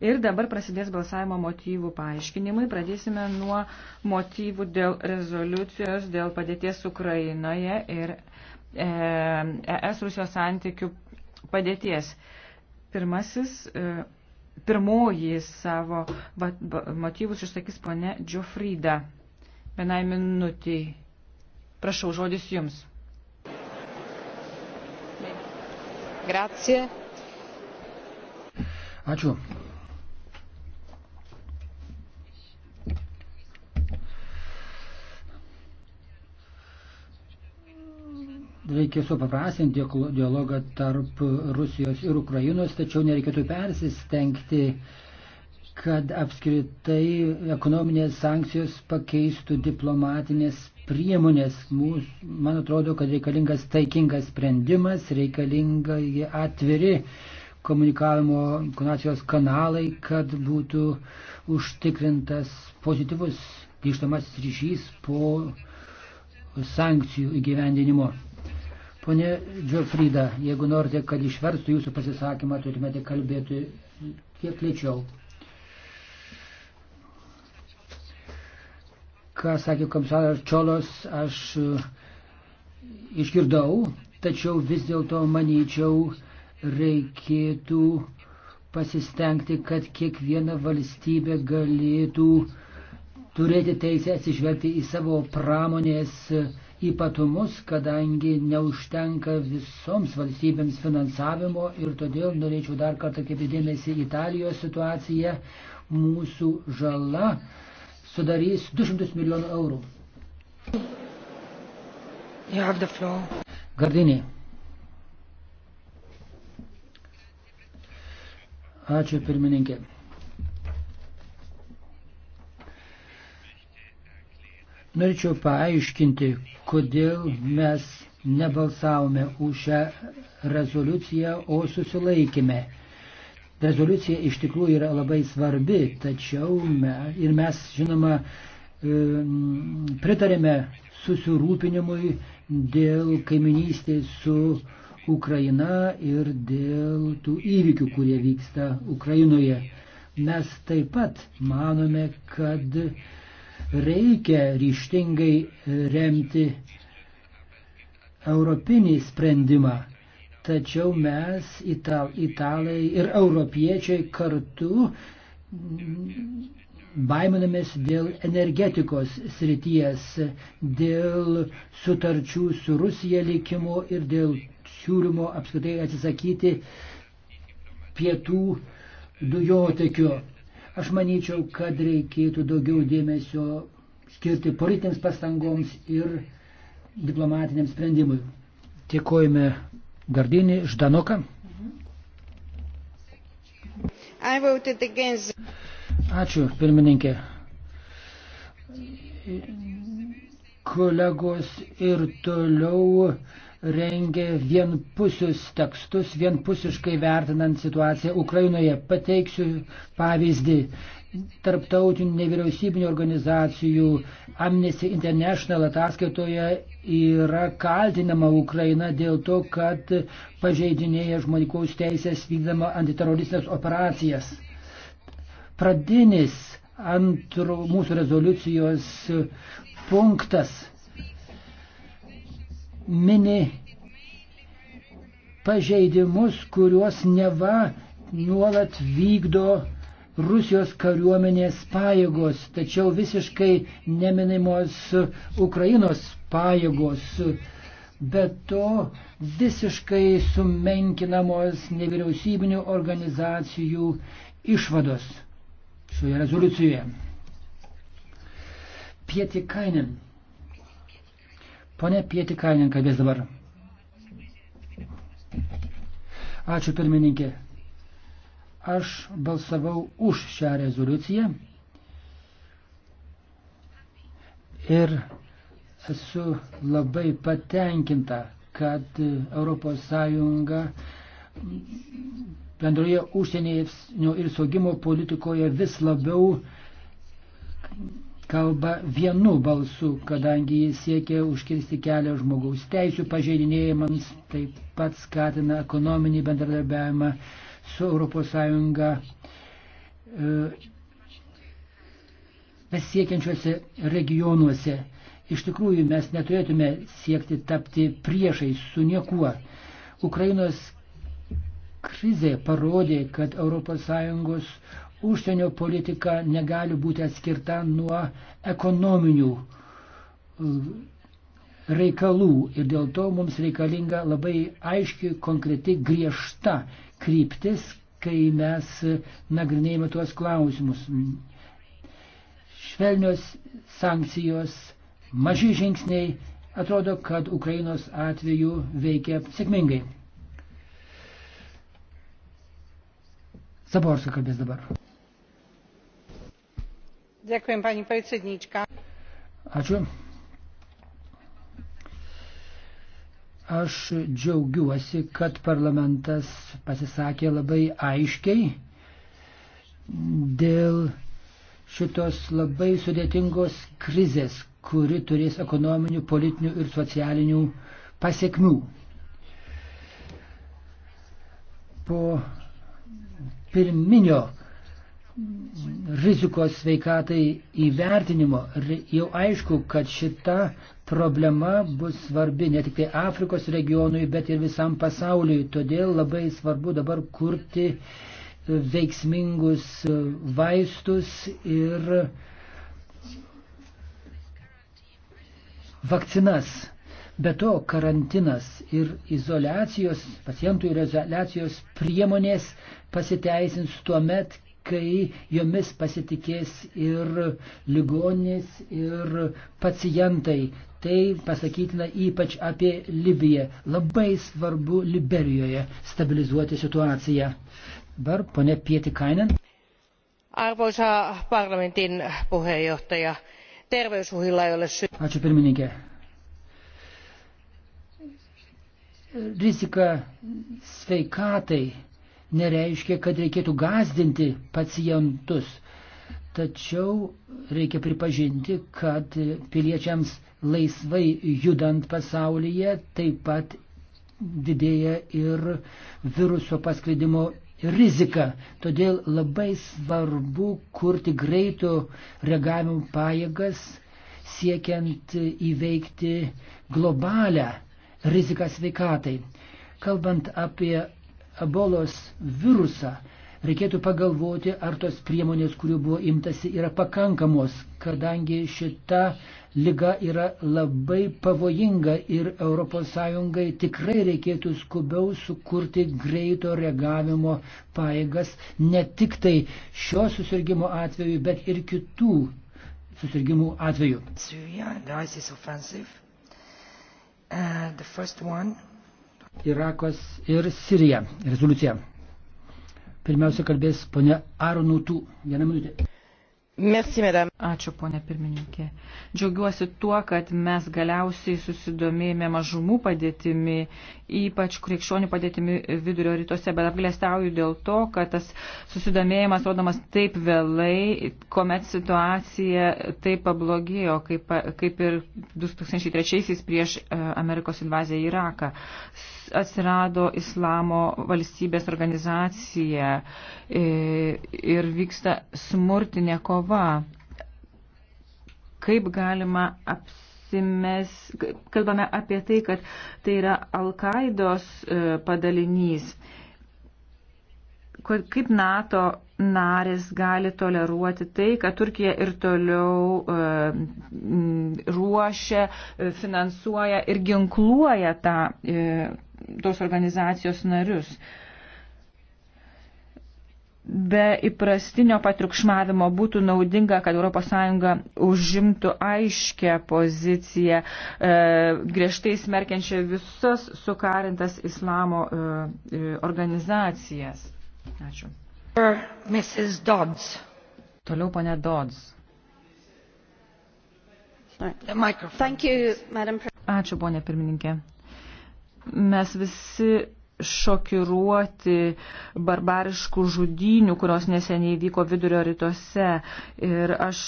Ir dabar prasidės balsavimo motyvų paaiškinimai. Pradėsime nuo motyvų dėl rezoliucijos, dėl padėties Ukrainoje ir e, ES Rusijos santykių padėties. Pirmasis, e, pirmoji savo va, va, motyvus išsakys ponė Džofrida. Vienai minutiai. Prašau, žodis jums. Grazie. Ačiū. reikia supaprasinti dialogą tarp Rusijos ir Ukrainos, tačiau nereikėtų persistengti, kad apskritai ekonominės sankcijos pakeistų diplomatinės priemonės. Mūs, man atrodo, kad reikalingas taikingas sprendimas, reikalinga atviri komunikavimo konacijos kanalai, kad būtų užtikrintas pozityvus grįžtamasis ryšys po sankcijų įgyvendinimo. Pone Džiofrida, jeigu norite, kad išverstų jūsų pasisakymą, turėtumėte kalbėti kiek lėčiau. Ką sakė komisaras Čiolos, aš e, išgirdau, tačiau vis dėlto manyčiau, reikėtų pasistengti, kad kiekviena valstybė galėtų turėti teisę atsižvelgti į savo pramonės uh, ypatumus, kadangi neužtenka visoms valstybėms finansavimo ir todėl norėčiau dar kartą kaip įdėmėsi Italijos situaciją, mūsų žala sudarys 200 milijonų eurų. Gardinė. Ačiū pirmininkė. Norėčiau paaiškinti, kodėl mes nebalsavome už šią rezoliuciją, o susilaikėme. Rezoliucija iš tikrųjų yra labai svarbi, tačiau me, ir mes, žinoma, pritarėme susirūpinimui dėl kaiminystės su Ukraina ir dėl tų įvykių, kurie vyksta Ukrainoje. Mes taip pat manome, kad Reikia ryštingai remti europinį sprendimą. Tačiau mes, ital, italai ir europiečiai kartu baiminamės dėl energetikos srities, dėl sutarčių su Rusija likimo ir dėl siūlymo apskritai atsisakyti pietų dujotekio. Aš manyčiau, kad reikėtų daugiau dėmesio skirti politinėms pastangoms ir diplomatiniam sprendimui. Dėkojame Gardinį Ždanoką. Ačiū, pirmininkė. Kolegos ir toliau rengia vienpusius tekstus, vienpusiškai vertinant situaciją Ukrainoje. Pateiksiu pavyzdį. Tarptautinių nevyriausybinio organizacijų Amnesty International ataskaitoje yra kaltinama Ukraina dėl to, kad pažeidinėja žmonikaus teisės vykdama antiteroristinės operacijas. Pradinis antro mūsų rezoliucijos punktas mini pažeidimus, kuriuos neva nuolat vykdo Rusijos kariuomenės pajėgos, tačiau visiškai neminimos Ukrainos pajėgos. Be to visiškai sumenkinamos nevyriausybinių organizacijų išvados šioje rezoliucijoje. Pietikainen Pone Pietikainin kalbės dabar. Ačiū pirmininkė. Aš balsavau už šią rezoliuciją ir esu labai patenkinta, kad ES bendroje užsienio ir saugimo politikoje vis labiau kalba vienu balsu, kadangi jis siekia užkirsti kelią žmogaus teisų pažeidinėjimams, taip pat skatina ekonominį bendradarbiavimą su ES besiekiančiuose regionuose. Iš tikrųjų, mes neturėtume siekti tapti priešais su niekuo. Ukrainos krizė parodė, kad ES užsienio politika negali būti atskirta nuo ekonominių e, reikalų ir dėl to mums reikalinga labai aiški, konkreti, griežta kryptis, kai mes nagrinėjame tuos klausimus. Švelnios sankcijos, maži žingsniai, atrodo, kad Ukrainos atveju veikia sėkmingai. Zaborska kalbės dabar. Dėkuojam, pani predsednička. Ačiū. Aš džiaugiuosi, kad parlamentas pasisakė labai aiškiai dėl šitos labai sudėtingos krizės, kuri turės ekonominių, politinių ir socialinių pasiekmių. Po pirminio rizikos sveikatai įvertinimo. Jau aišku, kad šita problema bus svarbi ne tik tai Afrikos regionui, bet ir visam pasauliui. Todėl labai svarbu dabar kurti veiksmingus vaistus ir vakcinas. Be to, karantinas ir izolacijos, pacientų ir izolacijos priemonės pasiteisins tuo met, kai jomis pasitikės ir ligonės, ir pacientai. Tai pasakytina ypač apie Libiją. Labai svarbu Liberijoje stabilizuoti situaciją. Dabar ponė Pietikainen. Arvoisa parlamentin puheenjohtaja, terveysuhilla ei ole syytä. Ačiū pirmininkė rizika sveikatai nereiškia, kad reikėtų gazdinti pacientus. Tačiau reikia pripažinti, kad piliečiams laisvai judant pasaulyje taip pat didėja ir viruso pasklidimo rizika. Todėl labai svarbu kurti greito reagavimo pajėgas, siekiant įveikti globalią riziką sveikatai. Kalbant apie ebolos virusą, reikėtų pagalvoti, ar tos priemonės, kurių buvo imtasi, yra pakankamos, kadangi šita lyga yra labai pavojinga ir ES tikrai reikėtų skubiau sukurti greito reagavimo paėgas, ne tik tai šio susirgymo atveju, bet ir kitų susirgymų atveju. Syria, Irakas ir Sirija. Rezoliucija. Pirmiausia kalbės ponia Aronutų. Vieną minutę. Merci, madame. Ačiū, ponė pirmininkė. Džiaugiuosi tuo, kad mes galiausiai susidomėjome mažumų padėtimi, ypač krikščionių padėtimi vidurio rytuose, bet apgalėstauju dėl to, kad tas susidomėjimas rodomas taip vėlai, kuomet situacija taip pablogėjo, kaip, kaip ir 2003-aisiais prieš e, Amerikos invaziją į Iraką. Atsirado islamo valstybės organizacija e, ir vyksta smurtinė kova kova. Kaip galima apsirūpinti? mes kalbame apie tai, kad tai yra Al-Qaidos e, padalinys. Kaip NATO narės gali toleruoti tai, kad Turkija ir toliau e, ruošia, e, finansuoja ir ginkluoja tą, tos organizacijos narius? be įprastinio patriukšmavimo būtų naudinga, kad ES užimtų aiškę poziciją, e, griežtai smerkiančią visas sukarintas islamo e, e organizacijas. Ačiū. Mrs. Dodds. Toliau ponė Dodds. Ačiū, ponė pirmininkė. Mes visi šokiruoti barbariškų žudynių, kurios neseniai vyko vidurio rytuose. Ir aš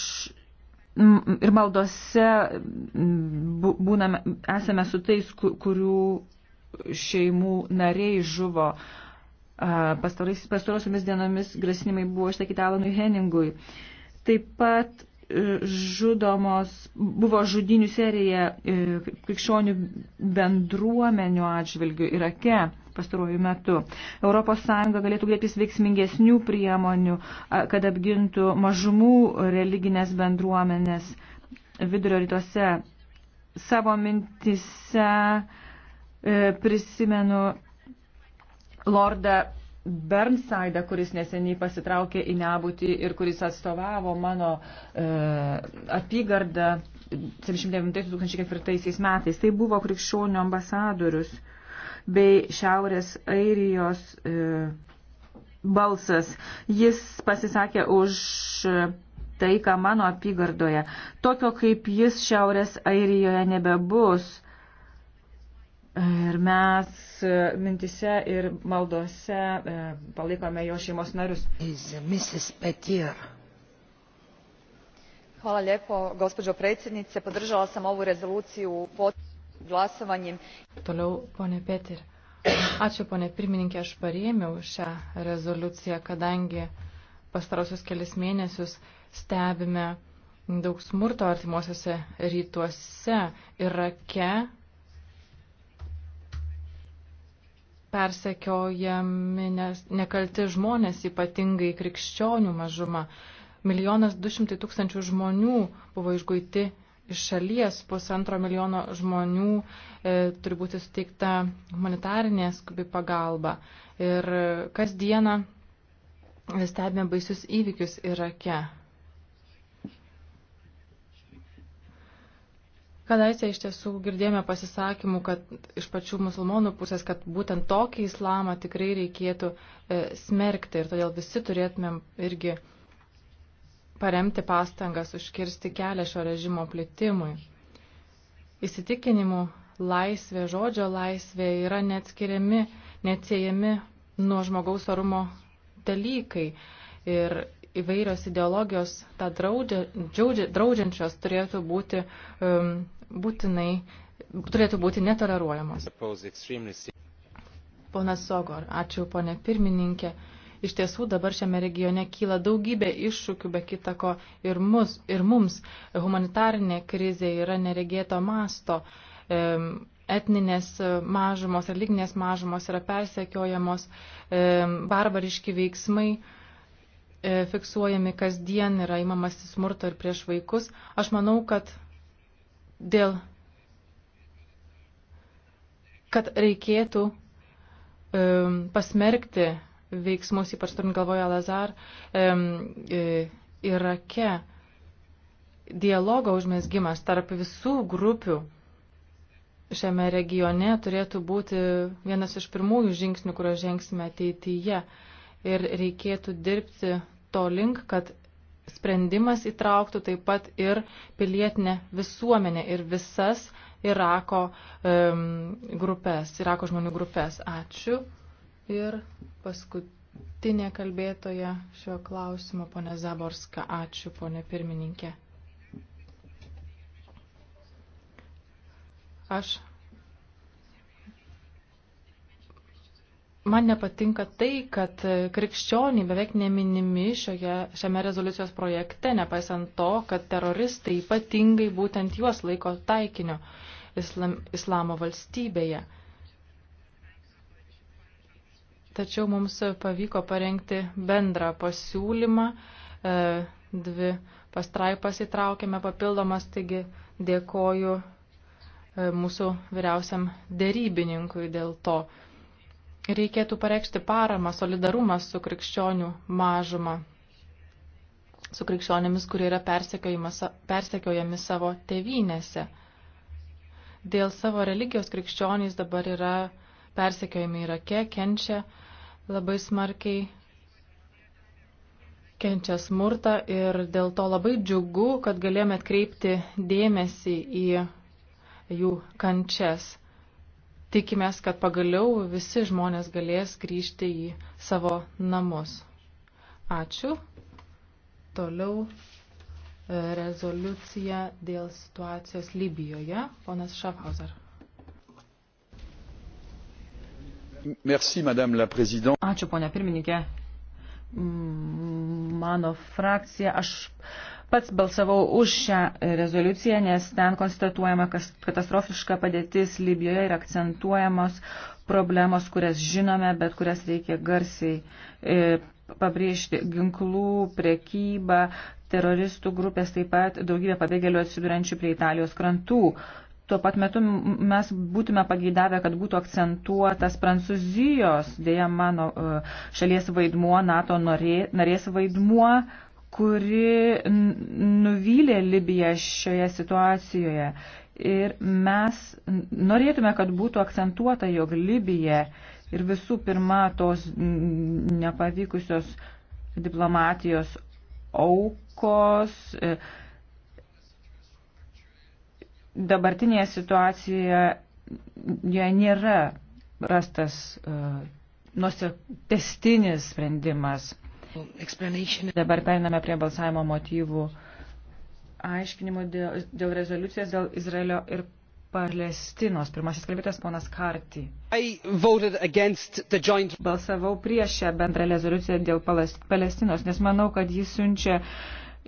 ir maldose būname, esame su tais, kurių šeimų nariai žuvo. Pastarosiomis dienomis grasinimai buvo išsakyti Alanui Henningui. Taip pat e, žudomos, buvo žudinių serija e, krikščionių bendruomenių atžvilgių Irake pastaruoju metu. ES galėtų grėptis veiksmingesnių priemonių, kad apgintų mažumų religinės bendruomenės vidurio rytuose. Savo mintise e, prisimenu Lordą Bernsaidą, kuris neseniai pasitraukė į nebūtį ir kuris atstovavo mano e, apygardą 1979-2004 metais. Tai buvo krikščionių ambasadorius. E, bei Šiaurės Airijos e, balsas. Jis pasisakė už taiką mano apygardoje. Tokio kaip jis Šiaurės Airijoje nebebus. E, ir mes e, mintise ir maldose e, palaikome jo šeimos narius. Hvala lijepo, gospođo predsjednice. Podržala sam ovu rezoluciju. Pot glasovanjem. Toliau, ponė Petir. Ačiū, ponė pirmininkė, aš parėmiau šią rezoliuciją, kadangi pastarosius kelias mėnesius stebime daug smurto artimuosiuose rytuose Irake persekiojami nekalti žmonės, ypatingai krikščionių mažuma. Milijonas du šimtai tūkstančių žmonių buvo išguiti iš šalies pusantro milijono žmonių e, turi būti suteikta humanitarinė skubi pagalba. Ir kasdieną stebime baisius įvykius Irake. Kadaise iš tiesų girdėjome pasisakymų, kad iš pačių musulmonų pusės, kad būtent tokį islamą tikrai reikėtų e, smerkti ir todėl visi turėtumėm irgi e, paremti pastangas užkirsti kelią šio režimo plitimui. Įsitikinimų laisvė, žodžio laisvė yra neatskiriami, neatsiejami nuo žmogaus orumo dalykai. Ir įvairios ideologijos tą draudžia, draudžia, draudžiančios turėtų būti um, būtinai turėtų būti netoleruojamos. Ponas Sogor, ačiū ponė pirmininkė. Iš tiesų dabar šiame regione kyla daugybė iššūkių, be kitako ir, mus, ir mums. Humanitarinė krizė yra neregėto masto. Etninės mažumos, religinės mažumos yra persekiojamos, barbariški veiksmai e, fiksuojami kasdien, yra įmamas smurto ir prieš vaikus. Aš manau, kad dėl kad reikėtų um, pasmerkti veiksmus, ypač turint galvoje Lazar, e, e, Irake dialogo užmėsgymas tarp visų grupių šiame regione turėtų būti vienas iš pirmųjų žingsnių, kurio žengsime ateityje. Ir reikėtų dirbti to link, kad sprendimas įtrauktų taip pat ir pilietinę visuomenę ir visas Irako um, grupės, Irako žmonių grupės. Ačiū. Ir paskutinė kalbėtoja šio klausimo, ponė Zaborska, ačiū, ponė pirmininkė. Aš Man nepatinka tai, kad krikščioniai beveik neminimi šioje, šiame rezoliucijos projekte, nepaisant to, kad teroristai ypatingai būtent juos laiko taikinio islam, islamo valstybėje tačiau mums pavyko parengti bendrą pasiūlymą, e, dvi pastraipas įtraukėme papildomas, taigi dėkoju e, mūsų vyriausiam dėrybininkui dėl to. Reikėtų pareikšti paramą, solidarumą su krikščionių mažuma, su krikščionėmis, kurie yra persekiojami savo tėvynėse. Dėl savo religijos krikščionys dabar yra persekiojami Irake, kenčia labai smarkiai kenčia smurtą ir dėl to labai džiugu, kad galėjome atkreipti dėmesį į jų kančias. Tikimės, kad pagaliau visi žmonės galės grįžti į savo namus. Ačiū. Toliau e, rezoliucija dėl situacijos Libijoje. Ponas Šafhauser. Merci, madame la présidente. Ačiū, ponia pirmininkė. Mm, mano frakcija, aš pats balsavau už šią rezoliuciją, nes ten konstatuojama katastrofiška padėtis Libijoje ir akcentuojamos problemos, kurias žinome, bet kurias reikia garsiai e, pabrėžti ginklų, prekybą, teroristų grupės, taip pat daugybė pabėgėlių atsidūrenčių prie Italijos krantų. Tuo pat metu mes būtume pageidavę, kad būtų akcentuotas Prancūzijos, dėja mano e, šalies vaidmuo, NATO norė, narės vaidmuo, kuri nuvylė Libiją šioje situacijoje. Ir mes norėtume, kad būtų akcentuota, jog Libija ir visų pirma tos nepavykusios diplomatijos aukos, e, dabartinėje situacijoje nėra rastas uh, e, nusik testinis sprendimas. Dabar periname prie balsavimo motyvų aiškinimo dėl, dėl rezoliucijos dėl Izraelio ir Palestinos. Pirmasis kalbėtas ponas Karti. Joint... Balsavau prieš šią bendrą rezoliuciją dėl Palestinos, nes manau, kad jis siunčia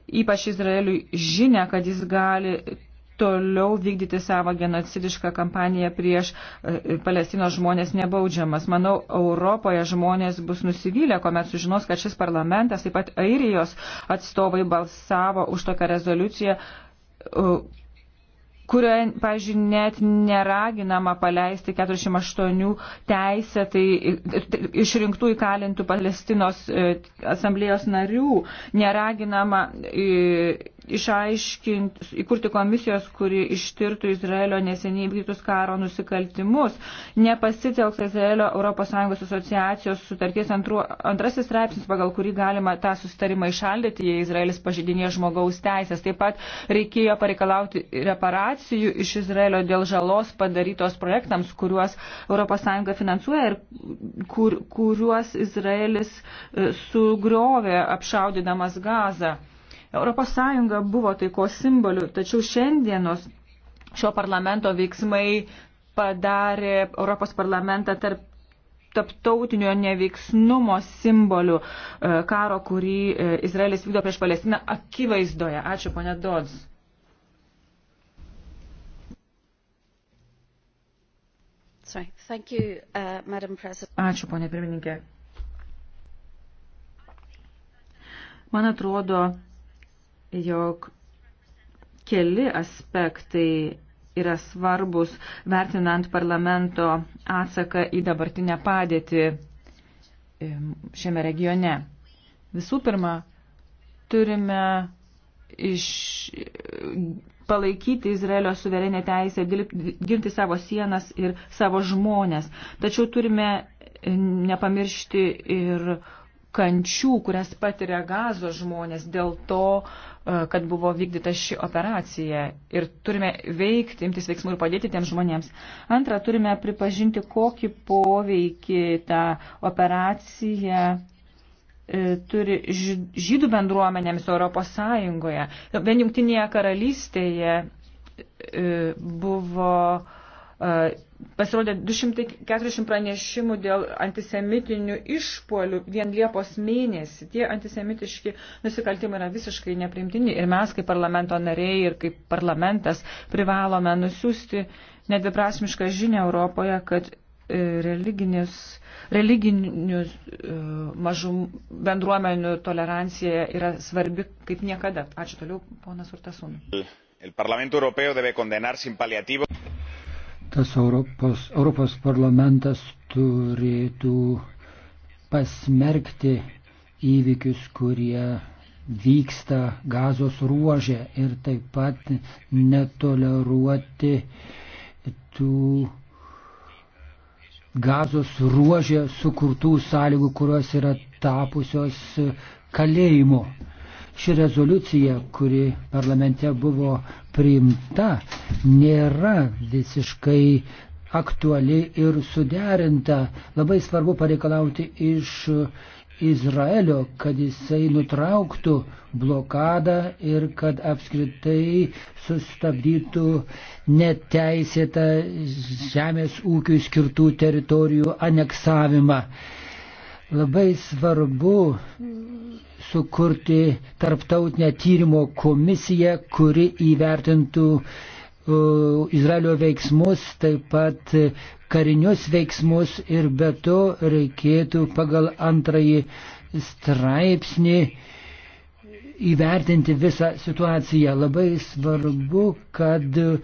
ypač Izraeliui žinę, kad jis gali toliau vykdyti savo genocidišką kampaniją prieš e, Palestinos žmonės nebaudžiamas. Manau, Europoje žmonės bus nusivylę, kuomet sužinos, kad šis parlamentas, taip pat Airijos atstovai balsavo už tokią rezoliuciją e, kurioje, pavyzdžiui, net neraginama paleisti 48 teisę, tai išrinktų įkalintų Palestinos e, asamblėjos narių, neraginama išaiškinti, įkurti komisijos, kuri ištirtų Izraelio neseniai vykdytus karo nusikaltimus. Nepasitelks Izraelio ES asociacijos sutarties antru, antrasis straipsnis, pagal kurį galima tą sustarimą išaldyti, jei Izraelis pažydinė žmogaus teisės. Taip pat reikėjo pareikalauti reparacijų iš Izraelio dėl žalos padarytos projektams, kuriuos ES finansuoja ir kur, kuriuos Izraelis e, sugriovė apšaudydamas gazą. ES buvo taiko simboliu, tačiau šiandienos šio parlamento veiksmai padarė Europos parlamentą tarp taptautinio neveiksnumo simboliu e, karo, kurį e, Izraelis vykdo prieš Palestiną akivaizdoje. Ačiū, ponė Dodds. You, uh, Ačiū, ponė pirmininkė. Man atrodo, jog keli aspektai yra svarbus vertinant parlamento atsaką į dabartinę padėtį šiame regione. Visų pirma, turime iš, palaikyti Izraelio suverenę teisę, ginti savo sienas ir savo žmonės. Tačiau turime nepamiršti ir kančių, kurias patiria gazo žmonės dėl to, e, kad buvo vykdyta ši operacija. Ir turime veikti, imtis veiksmų ir padėti tiems žmonėms. Antra, turime pripažinti, kokį poveikį tą operaciją e, turi žydų bendruomenėms Europos Sąjungoje. Vien jungtinėje karalystėje e, buvo Pasirodė 240 pranešimų dėl antisemitinių išpolių vien Liepos mėnesį. Tie antisemitiški nusikaltimai yra visiškai neprimtini ir mes kaip parlamento nariai ir kaip parlamentas privalome nusiųsti nedviprasmišką žinią Europoje, kad e, religinis, religinius e, mažum bendruomenių tolerancija yra svarbi kaip niekada. Ačiū toliau, ponas Urtasūnas tas Europos, Europos parlamentas turėtų pasmerkti įvykius, kurie vyksta gazos ruožė ir taip pat netoleruoti tų gazos ruožė sukurtų sąlygų, kurios yra tapusios kalėjimu. Ši rezoliucija, kuri parlamente buvo priimta, nėra visiškai aktuali ir suderinta. Labai svarbu pareikalauti iš Izraelio, kad jisai nutrauktų blokadą ir kad apskritai sustabdytų neteisėtą žemės ūkiui skirtų teritorijų aneksavimą. Labai svarbu sukurti tarptautinę tyrimo komisiją, kuri įvertintų Izraelio veiksmus, taip pat karinius veiksmus ir be to reikėtų pagal antrąjį straipsnį įvertinti visą situaciją. Labai svarbu, kad uh,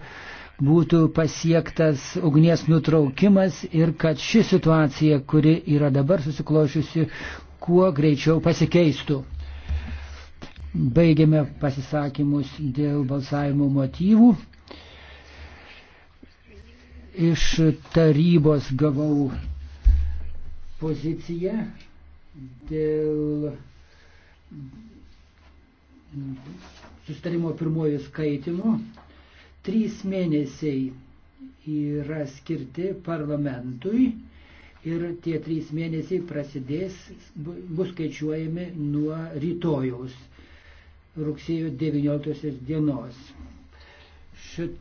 būtų pasiektas ugnies nutraukimas ir kad ši situacija, kuri yra dabar susiklošiusi, kuo greičiau pasikeistų. Baigėme pasisakymus dėl balsavimo motyvų. Iš tarybos gavau poziciją dėl sustarimo pirmojų skaitimo Trys mėnesiai yra skirti parlamentui ir tie trys mėnesiai prasidės, bus skaičiuojami nuo rytojaus, rugsėjo 19 dienos. Šit